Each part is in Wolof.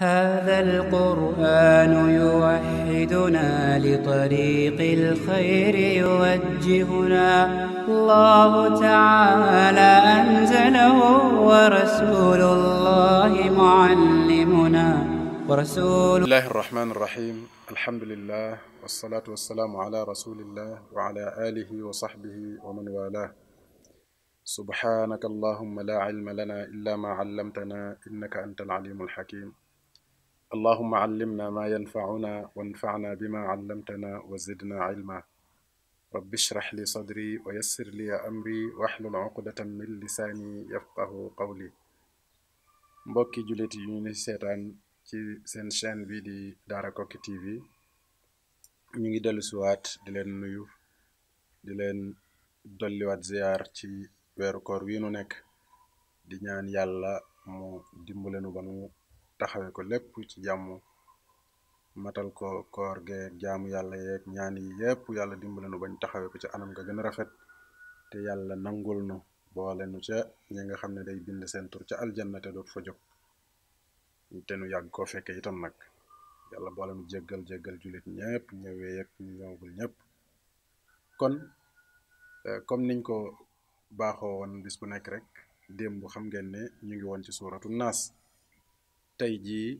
هذا القرآن يوحدنا لطريق الخير يوجهنا الله تعالى أنزله ورسول الله معلمنا ورسول الله الرحمن الرحيم الحمد لله والصلاة والسلام على رسول الله وعلى آله وصحبه ومن والاه سبحانك اللهم لا علم لنا إلا ما علمتنا إنك أنت العليم الحكيم allahuma callimna maa yanfacuna wanfacna bima callamtana wa zidna cilma rabbi ishrah li sadri wa yassir li amri waxlul cuqdatan min lisaani yafqahu qawli mbokki jullit yi ni seetaan ci seen chaîne bi di Daara Koki TV ñu ngi dellu siwaat di leen nuyu di leen dolliwaat ziyaar ci weeru koor wi nu nekk di ñaan yàlla mu dimbale nu ba nu taxawe ko lépp ci jàmm matal ko koor geeg jaamu yàlla yeeg ñaan yi yépp yàlla dimbale nu bañ taxawe ko ci anam nga gën a rafet te yàlla nangul nu boole nu ca ñi nga xam ne day bind seen tur ca aljanna te doot fa jóg te nu yàgg koo fekke itam nag yàlla boole nu jéggal jéggal jullit ñépp ñëwee yeeg ñu ñëwagul ñépp kon euh, comme niñ ko baaxoo woon bis bu nekk rek démb xam ngeen ne ñu ngi woon ci suuratu naas tey jii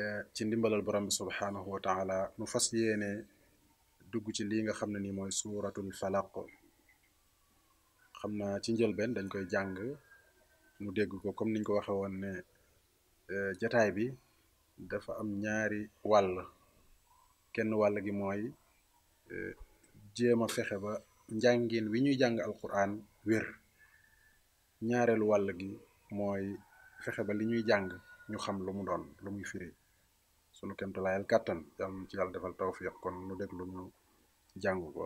eh, ci ndimbalal borom bi subhaanahu wa taala nu fas yéene dugg ci lii nga xam ne nii mooy suuratul falaq xam naa ci njëlbeen dañ koy jàng nu dégg ko comme niñ ko waxe woon ne eh, jataay bi dafa am ñaari wàll kenn wàll gi mooy eh, jéem a fexe ba njàngin wi ñuy jàng alquran wér ñaareelu wàll gi mooy fexe ba li ñuy jàng ñu xam lu mu doon lu muy firi sunu kemtalaayal kàttan yàlla na ci yàlla defal tawfiq kon nu déglu ñu jàng ko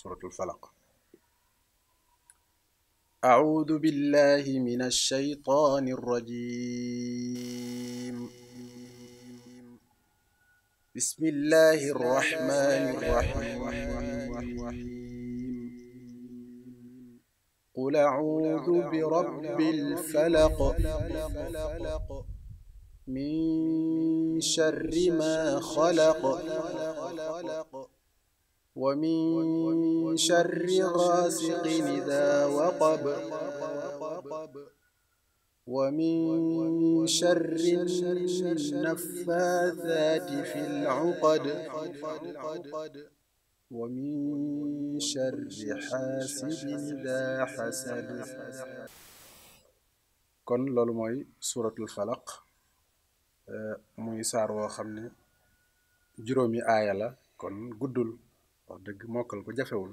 suratul falaq أعوذ بالله من الشيطان الرجيم بسم الله الرحمن الرحيم قل أعوذ برب الفلق من شر ما خلق ومن شر غاسق إذا وقب ومن شر النفاثات في العقد ومن شر حاسد إذا حسد kon loolu mooy suuratul falaq Eh, muy saar woo xam ne juróomi aaya la kon guddul wax dëgg mokkal ko jafewul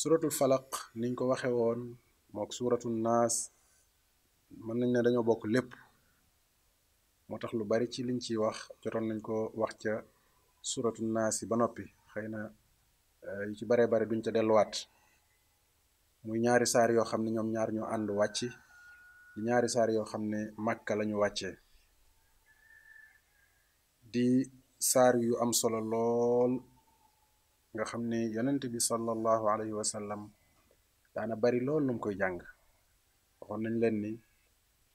suratul falaq niñ ko waxe woon mook suratul naas mën nañ ne dañoo bokk lépp moo tax lu bari ci liñ ci wax jotoon nañ ko wax ca suratul naas yi ba noppi xëy na eh, yu ci baree bari duñ ca delluwaat muy ñaari saar yoo xam ne ñoom ñaar ñoo ànd wàcc ñaari saar yoo xam ne màkka lañu wàccee di saar yu am solo lool nga xam ne yonent bi sallallahu alayhi wa sallam daana bari lool lu mu koy jàng waxoon nañ leen ni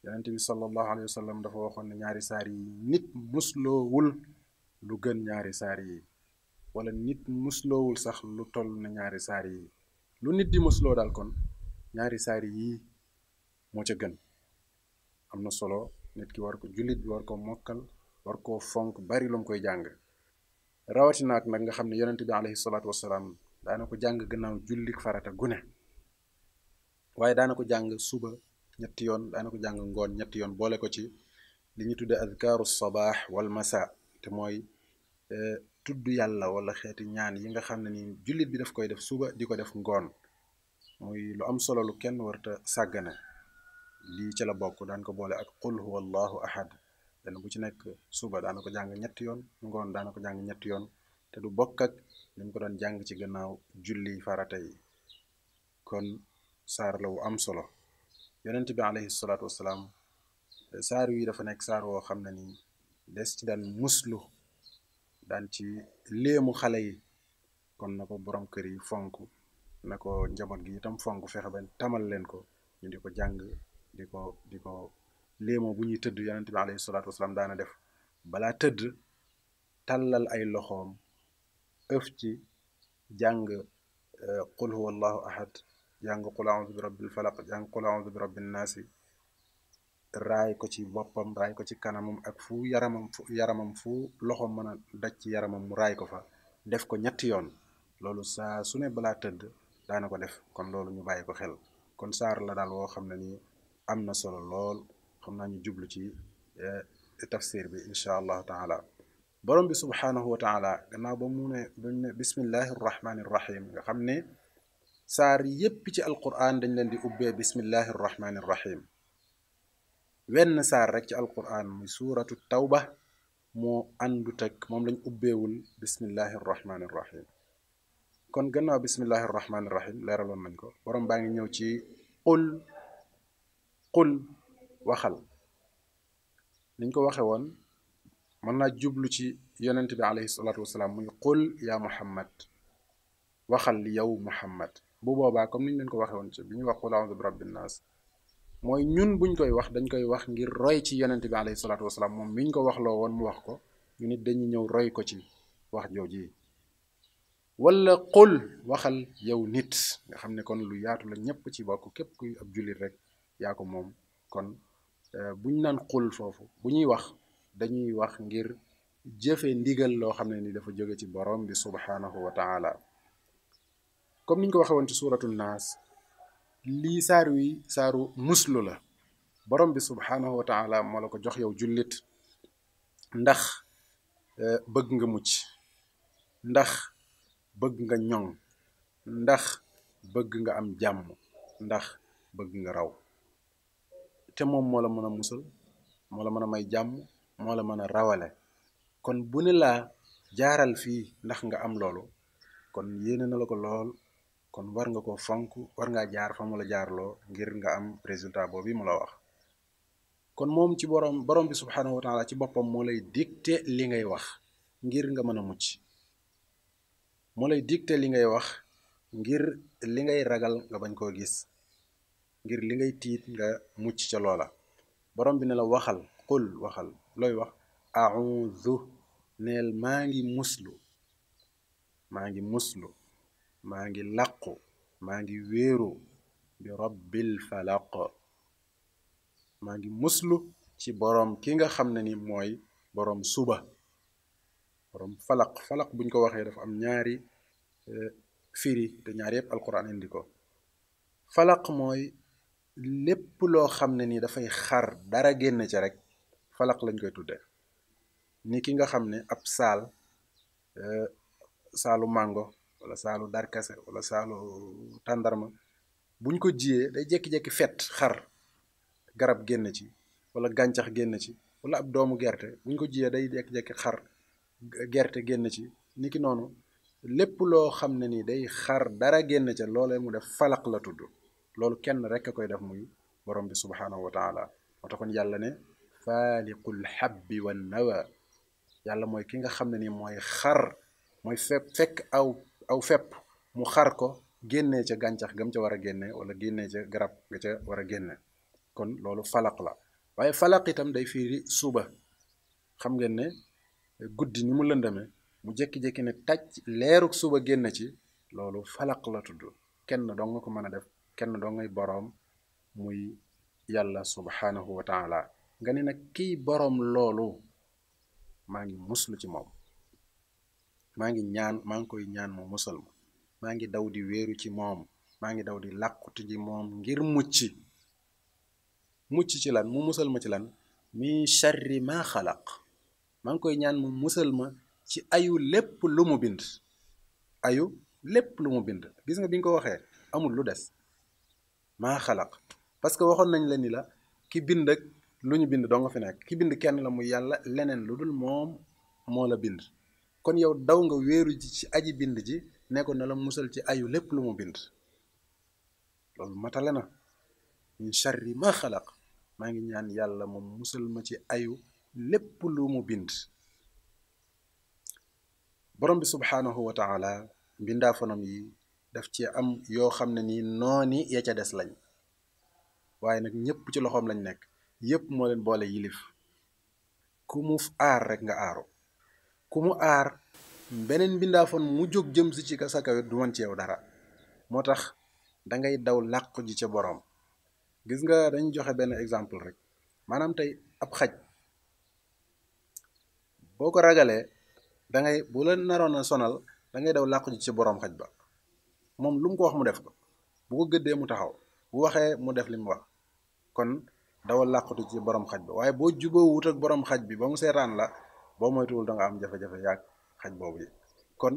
yonent bi sallallahu alayhi wa dafa waxoon na ñaari saar yi nit musloowul lu gën ñaari saar yi wala nit musloowul sax lu toll na ñaari saar yi lu nit di musloo daal kon ñaari saar yi moo ca gën am na solo nit ki war ko jullit bi war ko mokkal war ko fonk bari lu mu koy jàng rawatina ak nag nga xam ne yonent bi alayhi salaatu wasalaam daana ko jàng gannaaw jullik farata gune waaye daana ko jàng suba ñetti yoon daana ko jàng ngoon ñetti yoon boole ko ci li ñu tudde adkaaru sabaax wal masa te mooy e, tudd yàlla wala xeeti ñaan yi nga xam ne ni jullit bi daf koy def suba di ko def ngoon mooy lu am solo lu kenn warta sàggana lii ci la bokk daan ko boole ak qul huwa allahu ahad benn bu ci nekk suba daana ko jàng ñetti yoon ngoon daana ko jàng ñetti yoon te du bokk ak ni ko doon jàng ci gannaaw julli farata yi kon saar lawu am solo yonent bi alayhi saar yi dafa nekk saar woo xam ne ni des ci daan muslu daan ci léemu xale yi kon na ko borom kër yi fonk na ko njaboot gi itam fonk feexe ba tamal leen ko ñu di ko jàng ko di ko léemoo bu ñuy tëdd yonent bi alayhi salaatu wasalaam daana def balaa tëdd tàllal ay loxoom ëf ci jàng euh, qul huwa ahad jàng qul audu bi rabbil falaq jàng qul audu bi rabbin naasi raay ko ci boppam raay ko ci kanamam ak fu yaramam fu yaramam loxoom mën a daj ci yaramam mu raay ko fa def ko ñetti yoon loolu saa su ne balaa tëdd daana ko def kon loolu ñu bàyyi ko xel kon saar la daal woo xam na ni am na solo lool xam naa ñu jublu ci eh, tafsir bi incha allah taala borom bi subhaanahu wa taala gannaaw ba mu ne bismillahi rrahmani rrahim nga xam ne saar yépp ci alquran dañ leen di ubbee bismillahi rrahmani rrahim wenn saar rek ci alquran muy suuratu tawba moo àndut ak moom lañ ubbeewul bismillahi rrahmani rrahim kon gannaaw nañ ko borom baa ngi ñëw ci qul qul waxal niñ ko waxe woon mën naa jublu ci yonent bi alayhi salaatu wasalaam muy qul yaa muhammad waxal yow muhammad bu boobaa comme niñ leen ko waxe woon ci bi ñuy wax qul a'udhu bi rabbin mooy ñun buñ koy wax dañ koy wax ngir roy ci yonent bi alayhi salaatu wasalaam moom miñ ko waxloo woon mu wax ko ñu nit dañuy ñëw roy ko ci wax jooju wala qul waxal yow nit nga xam ne kon lu yaatu la ñépp ci bokk képp kuy ab jullit rek yaa ko moom kon Euh, bu ñu naan xul foofu bu ñuy wax dañuy wax ngir jëfe ndigal loo xam ne ni dafa jóge ci boroom bi subhaanahu wa taala comme niñ ko waxee ci suuratu naas lii saar wi saaru muslu la boroom bi subhaanahu wa moo la ko jox yow jullit ndax euh, bëgg nga mucc ndax bëgg nga ñoŋ ndax bëgg nga am jàmm ndax bëgg nga raw te moom moo la mën a musal moo la mën a may jàmm moo la mën a rawale kon bu ne laa jaaral fii ndax nga am loolu kon yéene na la ko lool kon war nga ko fonk war ngaa jaar fa mu la jaarloo ngir nga am résultat boobu mu la wax kon moom ci borom borom bi subhanahu wa taala ci boppam moo lay dicté li ngay wax ngir nga mën a mucc moo lay dicté li ngay wax ngir li ngay ragal nga bañ koo gis ngir li ngay tiit nga mucc ca loola borom bi ne la waxal qul waxal looy wax audu neel maa ngi muslu maa ngi muslu maa ngi làqu maa ngi wéeru bi rabbil falaq maa ngi muslu ci boroom ki nga xam ne ni mooy boroom suba borom falaq falaq buñ ko waxee dafa am ñaari eh, firi te ñaar yëpp alquran indi ko falaq mooy lépp loo xam ne nii dafay xar dara génn ca rek falaq lañ koy tudde ni ki nga xam ne ab saal euh, saalu màngo wala saalu darkase wala saalu tàndarma buñ ko jiyee day jékki-jékki fet xar garab génn ci wala gàncax génn ci wala ab doomu gerte buñ ko jiyee day jékki-jékki xar gerte génn ci ni ki noonu lépp loo xam ne nii day xar dara génn ca loole mu def falaq la tudd loolu kenn rek a koy def muy borom bi subhaanahu wa taala moo taxoon yàlla ne faaliqul xabbi wa nawa yàlla mooy ki nga xam ne ni mooy xar mooy fepp fekk aw aw fepp mu xar ko génnee ca gàncax gam ca war a génne wala génnee ca garab nga ca war a génne kon loolu falaq la waaye falaq itam day fiiri suba xam ngeen ne guddi ni mu lëndame mu jékki-jékki ne tàcc leeruk suba génn ci loolu falaq la tudd kenn dong nga ko mën a def kenn doo ngay boroom muy yàlla subhanahu wa nga ne nag kii boroom loolu maa ngi muslu ci moom maa ngi ñaan maa ngi koy ñaan mu musal ma maa ngi daw di wéeru ci moom maa ngi daw di làqutu ji moom ngir mucc mucc ci lan mu musal ma ci lan min charri ma xalaq maa ngi koy ñaan mu musal ma ci ayu lépp lu mu bind ayu lépp lu mu bind gis nga bi nga ko waxee amul lu des maa xalaq parce que waxoon nañ la ni la ki bind ak lu ñu bind doo nga fi nekk ki bind kenn la mu yàlla leneen lu dul moom moo la bind kon yow daw nga wéeru ji ci aji bind ji ne ko na la musal ci ayu lépp lu mu bind loolu matale na min charri maa maa ngi ñaan yàlla moom musal ci ayu lépp bind borom bi subhaanahu wa taala mbindaa yi def ci am yoo xam ne nii nooni ya ca des lañ waaye nag ñëpp ci loxoom lañ nekk yëpp moo leen boole yilif ku mu aar rek nga aaru ku mu aar beneen mbindaafoon mu jóg jëm si ci sa kawit du man ci yow dara moo tax dangay daw làqu ji ca boroom gis nga dañ joxe benn exemple rek maanaam tey ab xaj boo ko ragalee dangay bu la naroon a sonal dangay daw làqu ji ci boroom xaj ba moom lu mu ko wax mu def ko bu ko gëddee mu taxaw bu waxee mu def li mu wax kon dawal làqatu ci borom xaj bi waaye boo juboo wut borom xaj bi ba mu seetaan la boo moytuwul danga am jafe-jafe yaag xaj boobu yi kon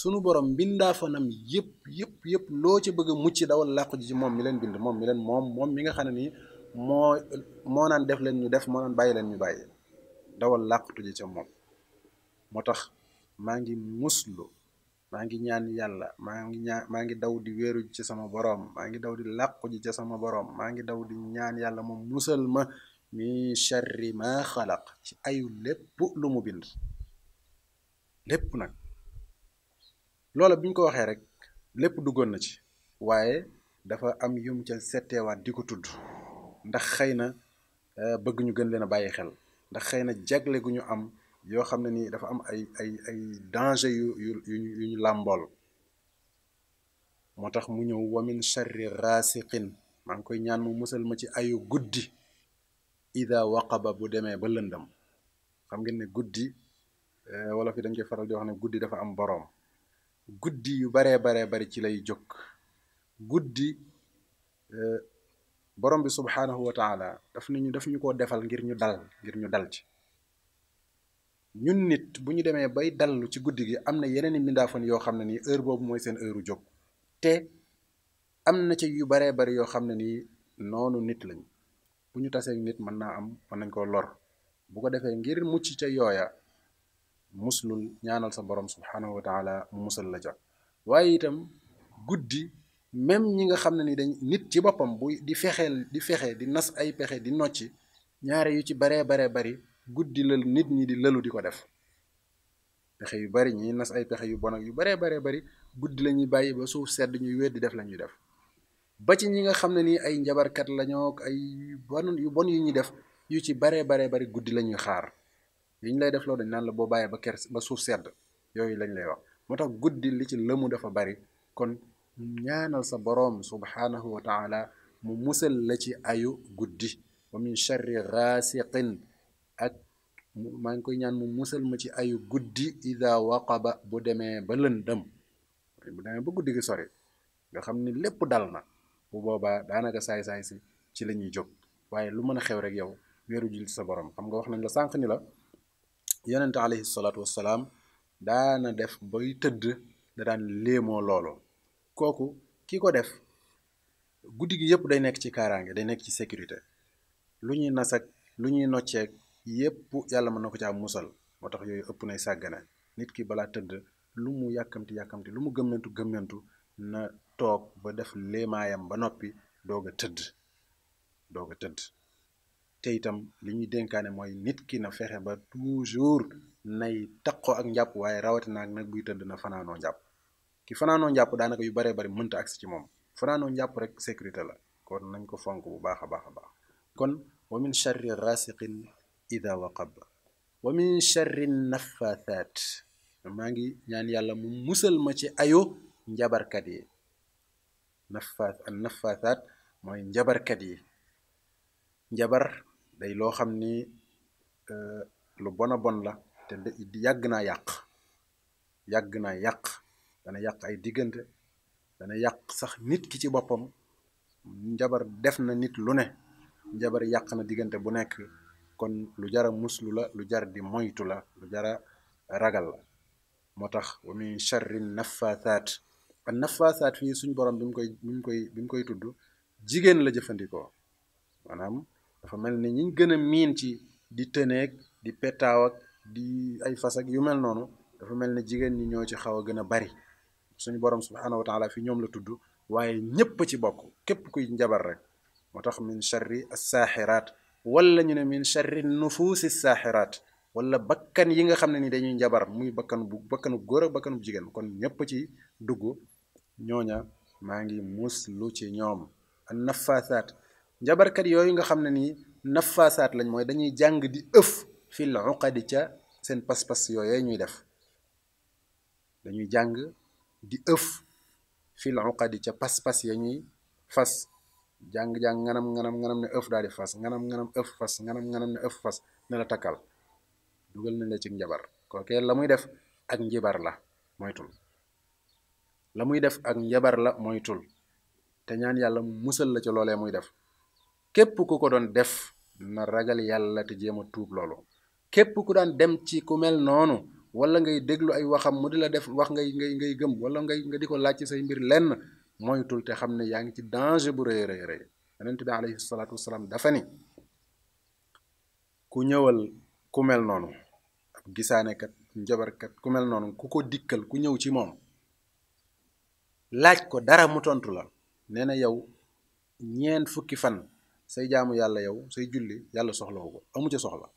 sunu borom mbindaa fanam yëpp yëpp yëpp loo ci bëgg a mucc dawal làqu ji ci moom mi leen bind moom mi leen moom moom nga xam ne nii moo moo naan def leen ñu def moo naan bàyyi leen ñu bàyyi dawal làqatu ji ca moom moo tax maa ngi muslu maa ngi ñaan yàlla maa ngi ñaan maa ngi daw di wéeru ci sama boroom maa ngi daw di làqu ji ci sama boroom maa ngi daw di ñaan yàlla moom musal ma min sharri ma xalaq ci ayu lépp lu mu bind lépp nag loola bi ñu ko waxee rek lépp duggoon na ci waaye dafa am yum ca setteewaat di ko tudd ndax xëy na euh, bëgg ñu gën leen a bàyyi xel ndax xëy na jagle gu ñu am yoo xam ne nii dafa am ay ay ay danger yu yu yu ñu làmbool moo tax mu ñëw wamin charri raasiqin maa ngi koy ñaan mu musal ma ci ayu guddi ida waqaba bu demee ba lëndam xam ngeen ne guddi eh, wala fi dañ koy faral di wax ne guddi dafa am boroom guddi yu baree baree bari ci lay jóg guddi eh, borom bi subhaanahu wa taala daf nañu daf ñu ko defal ngir ñu dal ngir ñu dal ci ñun nit bu ñu demee bay dallu ci guddi gi am na yeneen i mindaafan yoo xam ne ni heure boobu mooy seen heure jóg te am na ci yu baree bari yoo xam ne nii noonu nit lañ bu ñu tasee nit mën naa am mën nañ koo lor bu ko defee ngir mucc ca yooya muslul ñaanal sa borom subhaanahu wa taala mu musal la ca waaye itam guddi même ñi nga xam ne ni dañ nit ci boppam bu di fexeel di fexe di nas ay pexe di nocci ñaare yu ci baree baree bari guddi la nit ñi di lalu di ko def pexe yu bari ñi nas ay pexe yu bon ak yu baree baree bari guddi lañuy bàyyi ba suuf sedd ñuy weddi def lañuy def ba ci ñi nga xam ne nii ay njabarkat lañoo ay bon yu bon yu ñuy def yu ci baree baree bari guddi lañuy xaar yi lay def loo dañ naan la boo bàyyee ba ker ba suuf sedd yooyu lañ lay wax moo tax guddi li ci lëmu dafa bari kon ñaanal sa boroom subhaanahu wa taala mu musal la ci ayu guddi wa min charri gaasiqin ak maa ngi koy ñaan mu musal ma ci ayu guddi ida waqaba bu demee ba lëndëm bu demee ba guddi gi sori nga xam ni lépp dal na bu boobaa daanaka saay-saay si ci lañuy jóg waaye lu mën a xew rek yow weeru jul sa borom xam nga wax nañ la sànq ni la yonente alayhi salaatu wassalaam daana def bay tëdd da daan léemoo loolu kooku ki ko def guddi gi yëpp day nekk ci kaaraange day nekk ci sécurité lu ñuy nasag lu ñuy nocceek yépp yàlla mën na ko caa musal moo tax yooyu ëpp nay sàggana nit ki balaa tëdd lu mu yàkkamti yàkkamti lu mu gëmmentu gëmmentu na toog ba def léemaayam ba noppi doog a tëdd doog tëdd te itam li ñuy dénkaane mooy nit ki na fexe ba toujours nay taqoo ak njàpp waaye rawatina ak nag buy tëdd na fanaanoo njàpp ki fanaanoo njàpp daanaka yu baree bari mënta agsi ci moom fanaanoo njàpp rek sécurité la kon nañ ko fonk bu baax a baax a baax kon wa min charri ida waqab wa min charri nafathat maa ngi ñaan yàlla mu musal ma ci ayu njabarkat yi nafaat mooy njabarkat yi njabar day loo xam ni euh, lu bona bon la te yàgg naa yàq yàgg naa yàq dana yàq ay diggante dana yàq sax nit ki ci boppam jabar def na nit lu ne jabar yàq na diggante bu nekk kon lu jara muslu la lu jar di moytu la lu jara ragal la moo tax wa min charri nafathat an nafathat fii suñ borom bi mu koy bi mu koy bi mu koy tudd jigéen la jëfandikoo maanaam dafa mel ni ñi gën a miin ci di tëneeg di petaaw di ay fas ak yu mel noonu dafa mel ni jigéen ñi ñoo ci xaw a gën a bari suñu borom subhaanahu wa taala fii ñoom la tudd waaye ñépp ci bokk képp kuy njabar rek moo tax min charri as saaxiraat wala ñu ne min charri nufuusi saaxeraat wala bakkan yi nga xam ne ni dañuy njabar muy bakkan bu bakkanu góor bakkanu jigéen kon ñépp ci dugg ñooña maa ngi lu ci ñoom an nafaasaat njabarkat yooyu nga xam ne nii nafaasaat lañ mooy dañuy jàng di ëf fil uqadi ca seen pas-pas yooyee ñuy def dañuy jàng di ëff fil uqadi ca pas-pas ya ñuy fas jàng-jàng nganam nganam nganam ne ëf daal di fas nganam nganam ëf fas nganam nganam ne ëf fas ne la takkal dugal nañ la ci njabar kookee la muy def ak njibar la moytul la muy def ak njabar la moytul te ñaan yàlla mu musal la ci loole muy def képp ku ko doon def na ragal yàlla te jéem a tuub loolu képp ku daan dem ci ku mel noonu wala ngay déglu ay waxam mu di la def wax ngay ngay ngay gëm wala ngay nga di ko laaj ci say mbir lenn moytul te xam ne yaa ngi ci danger bu rëy rëy rëy yonent bi alayhi salaatu wasalaam dafa ni ku ñëwal ku mel noonu ab gisaanekat njabarkat ku mel noonu ku ko dikkal ku ñëw ci moom laaj ko dara mu tontu la nee na yow ñeent fukki fan say jaamu yàlla yow say julli yàlla soxla ko amu ca soxla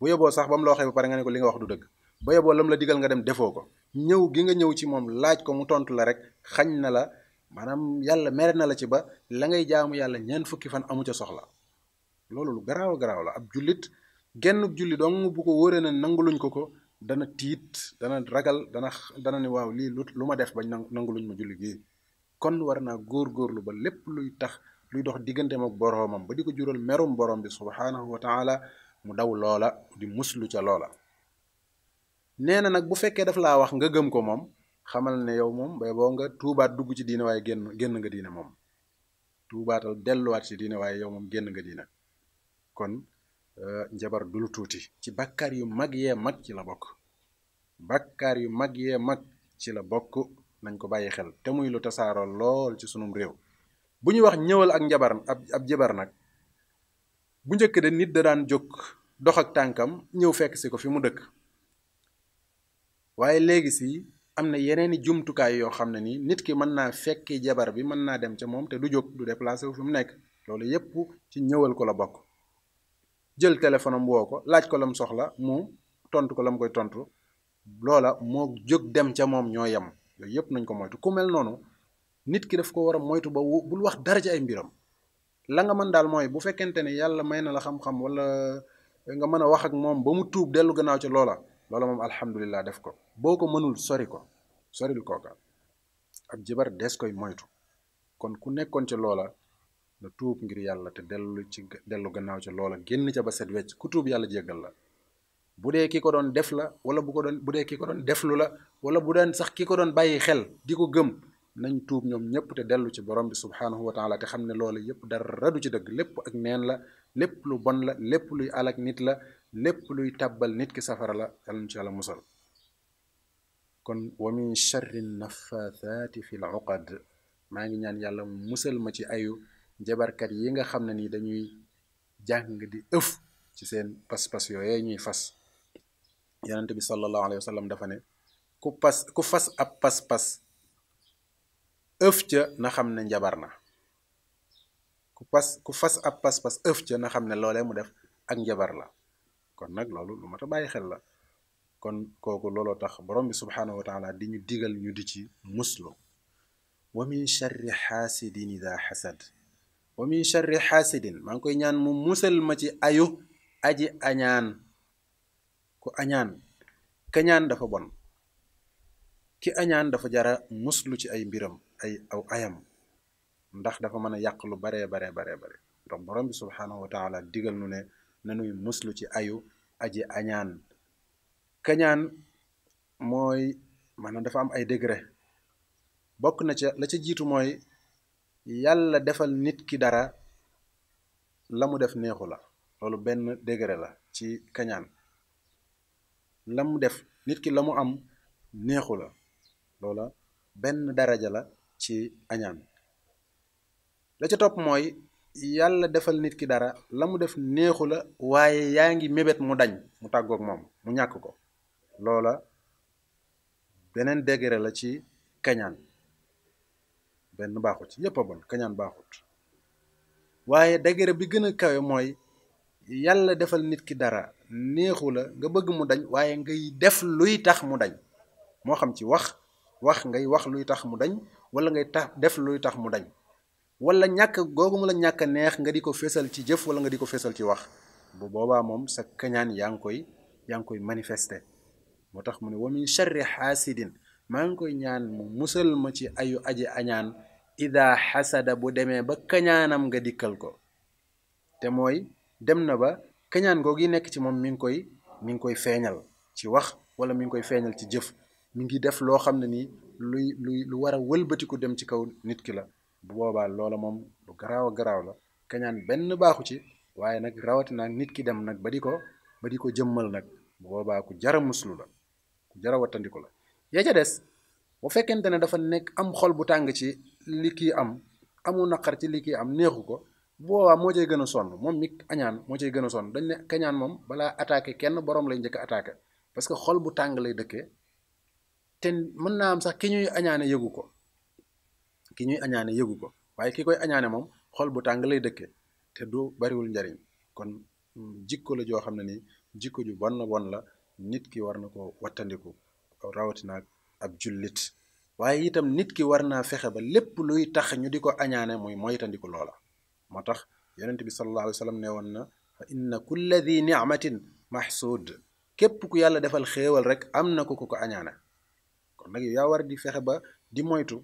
bu yeboo sax ba mu la waxee ba pare nga ne ko li nga wax du dëgg ba yeboo lam la digal nga dem defoo ko ñëw gi nga ñëw ci moom laaj ko mu tontu la rek xañ na la maanaam yàlla mere na la ci ba la ngay jaamu yàlla ñeent fukki fan amu ca soxla loolu lu garaaw garaaw la ab jullit genn julli dong bu ko wóoree ne nanguluñ ko ko dana tiit dana ragal dana dana ne waaw lii lu ma def bañ nanguluñ ma julli gi kon war naa góorgóorlu ba lépp luy tax luy dox digganteem ak boroomam ba di ko jural merum borom bi subhaanahu wa taala mu daw loola di muslu ca loola nee na nag bu fekkee daf laa wax nga gëm ko moom xamal ne yow moom bay boo nga tuubaat dugg ci diine waaye génn génn nga diine moom tuubaatal delluwaat ci diine waaye yow moom génn nga diine kon euh, njabar dul tuuti ci bakkaar yu mag yee mag ci la bokk bakkaar yu mag yee mag ci la bokk nañ ko bàyyi xel te muy lu tasaaroo lool ci sunum réew bu ñu wax ñëwal ak njabar ab ab jabar nag bu njëkk de nit da daan jóg dox ak tànkam ñëw fekk si ko fi mu dëkk waaye léegi si am na yeneen i jumtukaay yoo xam ne nii nit ki mën naa fekki jabar bi mën naa dem ca moom te du jóg du déplacé wu fi mu nekk loolu yépp ci ñëwal ko la bokk jël téléphone am woo ko laaj ko lam soxla mu tontu ko la mu koy tontu loola moo jóg dem ca moom ñoo yem yooyu yépp nañ ko moytu ku mel noonu nit ki daf ko war a moytu ba bul wax dara ci ay mbiram la nga mën daal mooy bu fekkente ne yàlla may na la xam-xam wala nga mën a wax ak moom ba mu tuub dellu gannaaw ca loola loolu moom alhamdulilah def ko boo ko mënul sori ko soril kooka ab jabar des koy moytu kon ku nekkoon ca loola na tuub ngir yàlla te dellu ci dellu gannaaw ca loola génn ca ba set wecc ku tuub yàlla jegal la bu dee ki ko doon def la wala bu ko doon bu dee ki ko doon deflu la wala bu daan sax ki ko doon bàyyi xel di ko gëm nañ tuub ñoom ñëpp te dellu ci borom bi subhaanahu wa taala te xam ne loola yëpp dara du ci dëgg lépp ak neen la lépp lu bon l lépp luy alak nit la lépp luy tàbbal nit ki safara la yàlla nu ci yàlla musal kon wa min charri nafathaati fi maa ngi ñaan yàlla musal ma ci ayu jabarkat yi nga xam ne nii dañuy jàng di ëf ci seen pas-pas yooyee ñuy fas yonente bi sallallahu alayhi wa sallam dafa ne ku pas ku fas ab pas-pas ëf ca na xam ne njabar na ku pas ku fas ab pas-pas ëf ca na xam ne loolee mu def ak njabar la kon nag loolu lu mat a bàyyi xel la kon kooku looloo tax borom bi subhaanahu wa di ñu digal ñu di ci muslu wa mi charri xaasidin ida xasad wa min charri xaasidin maa ngi koy ñaan mu musal ma ci ayu aji añaan ku añaan kañaan dafa bon ki añaan dafa jara muslu ci ay mbiram ay aw ayam ndax dafa man a yàq lu baree bare baree bare ndax borom bi subhaanahu wa taala digal nu ne nanuy muslu ci ayu aji añaan kañaan mooy a dafa am ay degré bokk na ca la ca jiitu mooy yàlla defal nit ki dara la mu def neexu la loolu benn degré la ci kañaan la mu def nit ki la mu am neexu la loola benn daraja la ci añaan la ca topp mooy yàlla defal nit ki dara la mu def neexu la waaye yaa ngi mébét mu dañ mu tàggook moom mu ñàkk ko loola beneen degré la ci kañaan benn baaxut yépp a bon kañaan baaxut waaye degré bi gën a kawe mooy yàlla defal nit ki dara neexu la nga bëgg mu dañ waaye ngay def luy tax mu dañ moo xam ci wax wax ngay wax luy tax mu dañ wala ngay tax def luy tax mu dañ wala ñàkk googu mu la ñàkk neex nga di ko fésal ci jëf wala nga di ko fésal ci wax bu boobaa moom sa kañaan yaa ngi koy yaa ngi moo tax mu ne wa min charri xaasidin maa ngi koy ñaan mu musal ma ci ayu aji añaan ida xasada bu demee ba kañaanam nga dikkal ko te mooy dem na ba kañaan googu yi nekk ci moom mi ngi koy mi ngi koy feeñal ci wax wala mu ngi koy feeñal ci jëf mu ngi def loo xam ne nii luy luy lu war a wëlbatiku dem ci kaw nit ki la bu boobaa loola moom lu garaaw a garaaw la kañaan benn baaxu ci waaye nag rawatina nit ki dem nag ba di ko ba ko jëmmal nag bu boobaa ku jara muslu la ku jara wattandiku la ya ca des bu fekkente ne dafa nekk am xol bu tàng ci li kii am amu naqar ci li kii am neexu ko boobaa moo cay gën a sonn moom mi kañaan moo cay gën a sonn dañ ne kañaan moom balaa attaqué kenn borom lay njëkk a attaqué parce que xol bu tàng lay dëkkee te mën naa am sax ki ñuy añaane yëgu ko ki ñuy añaane yëgu ko waaye ki koy añaane moom xol bu tàng lay dëkke te du bariwul njariñ kon mm, jikko la joo xam ne nii jikko ju bon bon la nit ki war na ko wattandiku rawatina ak ab jullit waaye itam nit ki war naa fexe ba lépp luy tax ñu di ko añaane muy moytandiku loola moo tax yonent bi sallallahu alayhi wa ne woon na fa inna kulla di ni'matin mahsud képp ku yàlla defal xéewal rek am na ko ko ko añaane kon nag yaa war di fexe ba di moytu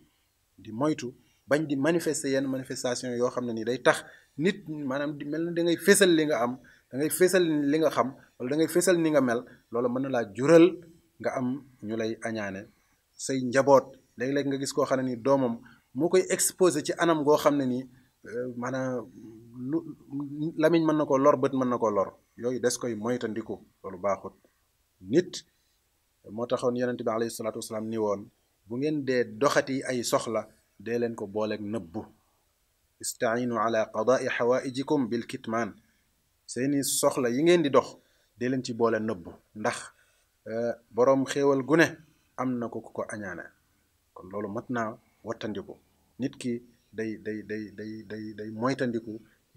di moytu bañ di manifester yenn manifestation yoo xam ne nii day tax nit maanaam di mel na da ngay fésal li nga am da ngay fésal li nga xam wala da ngay fésal ni nga mel loolu mën na laa jural nga am ñu lay añaane say njaboot léeg-léeg nga gis koo xam ne nii doomam moo koy exposé ci anam goo xam ne nii euh, maanaam lu lamiñ mën na ko lor bët mën na ko lor yooyu des koy moytandiku loolu baaxut nit moo taxoon yonent bi alayhi salaatu wasalaam ni woon bu ngeen dee doxati ay soxla dee leen ko booleeg nëbbu istainu ala qadaai xawaijikum bil kitmaan seeni soxla yi ngeen di dox dee leen ci boole nëbbu ndax eh, boroom xéewal gu ne am na ko ku ko añaane kon loolu mat naa wattandiku nit ki day day day day day day moytandiku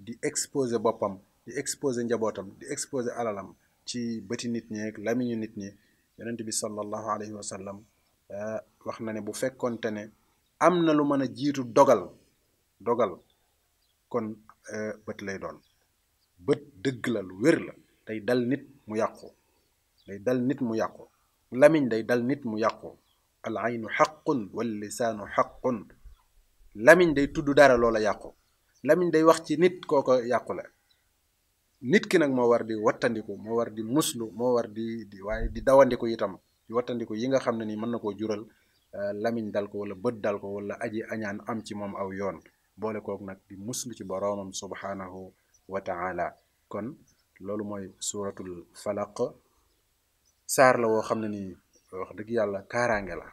di exposer boppam di exposer njabootam di exposer alalam ci bëti nit ñeeg lamiñu nit ñi yonent bi sallallahu alayhi wa sallam Eh, wax na ne bu fekkonte ne am na lu mën a jiitu dogal dogal kon eh, bët lay doon bët dëgg la lu wér la day dal nit mu yàqu day dal nit mu yàqu lamiñ day dal nit mu yàqu al aynu xaqun wal lisaanu xaqun lamiñ day tudd dara loola yàqu lamiñ day wax ci nit kooko yàqu la nit ki nag moo war di wattandiku moo war di muslu moo war di di waaye di dawandiku itam di wattandiku yi nga xam ne ni mën na koo jural euh, lamiñ dal ko wala bët dal ko wala aji añaan am ci moom aw yoon boole kook nag di muslu ci boroomam subhaanahu wa taala kon loolu mooy suuratul falaq saar la woo xam ne nii wax dëgg yàlla kaaraange la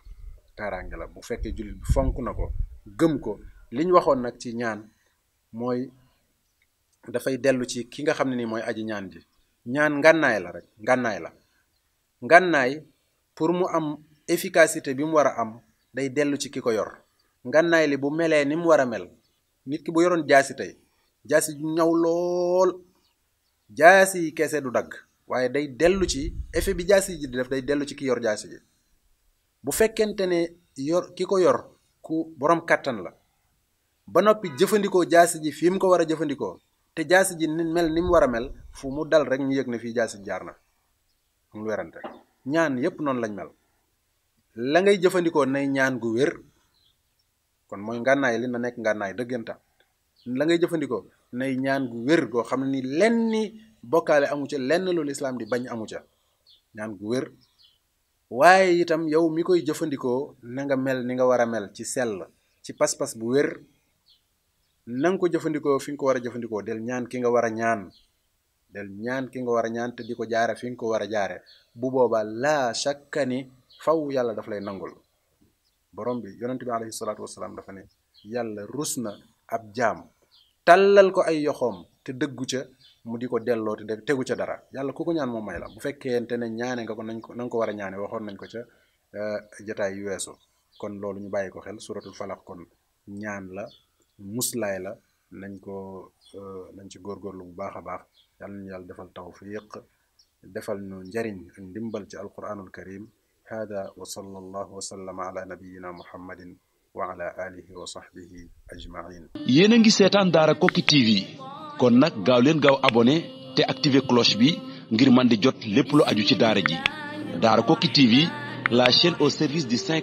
kaaraange la bu fekkee jullit bi fonk na ko gëm ko liñ waxoon nag ci ñaan mooy dafay dellu ci ki nga xam ne nii mooy aji ñaan ji ñaan ngànnaay la rek ngànnaay la ngànnaay pour mu am efficacité bi mu war a am day dellu ci ki ko yor ngànnaay li bu melee ni mu war a mel nit ki bu yoroon jaasi tey jaasi ju ñaw lool jaasi yi kese du dagg waaye day dellu ci effet bi jaasi ji di def day dellu ci ki yor jaasi ji bu fekkente ne yor ki ko yor ku borom kàttan la ba noppi jëfandikoo jaasi ji fi mu ko war a jëfandikoo te jaasi ji ni mel ni mu war a mel fu mu dal rek ñu yëg ne fii jaasi jaar na mu ñaan yépp noonu lañ mel la ngay jëfandikoo nay ñaan gu wér kon mooy ngànnaay li na nekk ngànnaay dëgganta la ngay jëfandikoo nay ñaan gu wér goo xam ne ni lenn bokkaale amu ca lenn loolu islaam di bañ amu ca ñaan gu wér waaye itam yow mi koy jëfandikoo nanga nga ni nga war a mel ci sell ci pas-pas bu wér na ko jëfandikoo fi nga ko war a jëfandikoo del ñaan ki nga war a ñaan del ñaan ki nga war a ñaan te di ko jaare fi nga ko war a jaare bu boobaa laa shakka ni faw yàlla daf lay nangul borom bi yonent bi alayhi salaatu wasalaam dafa ne yàlla rus na ab jaam tàllal ko ay yoxoom te dëggu ca mu di ko delloo te tegu ca dara yàlla ku ko ñaan moom may la bu fekkente ne ñaane nga ko nañ ko na nga ko war a ñaane waxoon nañ ko ca eh, jataay yu weesu kon loolu ñu bàyyi ko xel suratul falaq kon ñaan la muslaay la nañ ko eh, nañ ci lu bu baax a baax yàlla nañu yàlla defal tawfiq defal nu njariñ ak ndimbal ci alquranul karim hada wa sallallahu wa sallama ala nabiyina muhammadin wa ala alihi wa sahbihi ajmain yéen a ngi seetaan daara Koki TV kon nag gaaw leen gaaw abonné te activé cloche bi ngir man di jot lépp lu aju ci daara ji daara Koki TV la chaîne au service du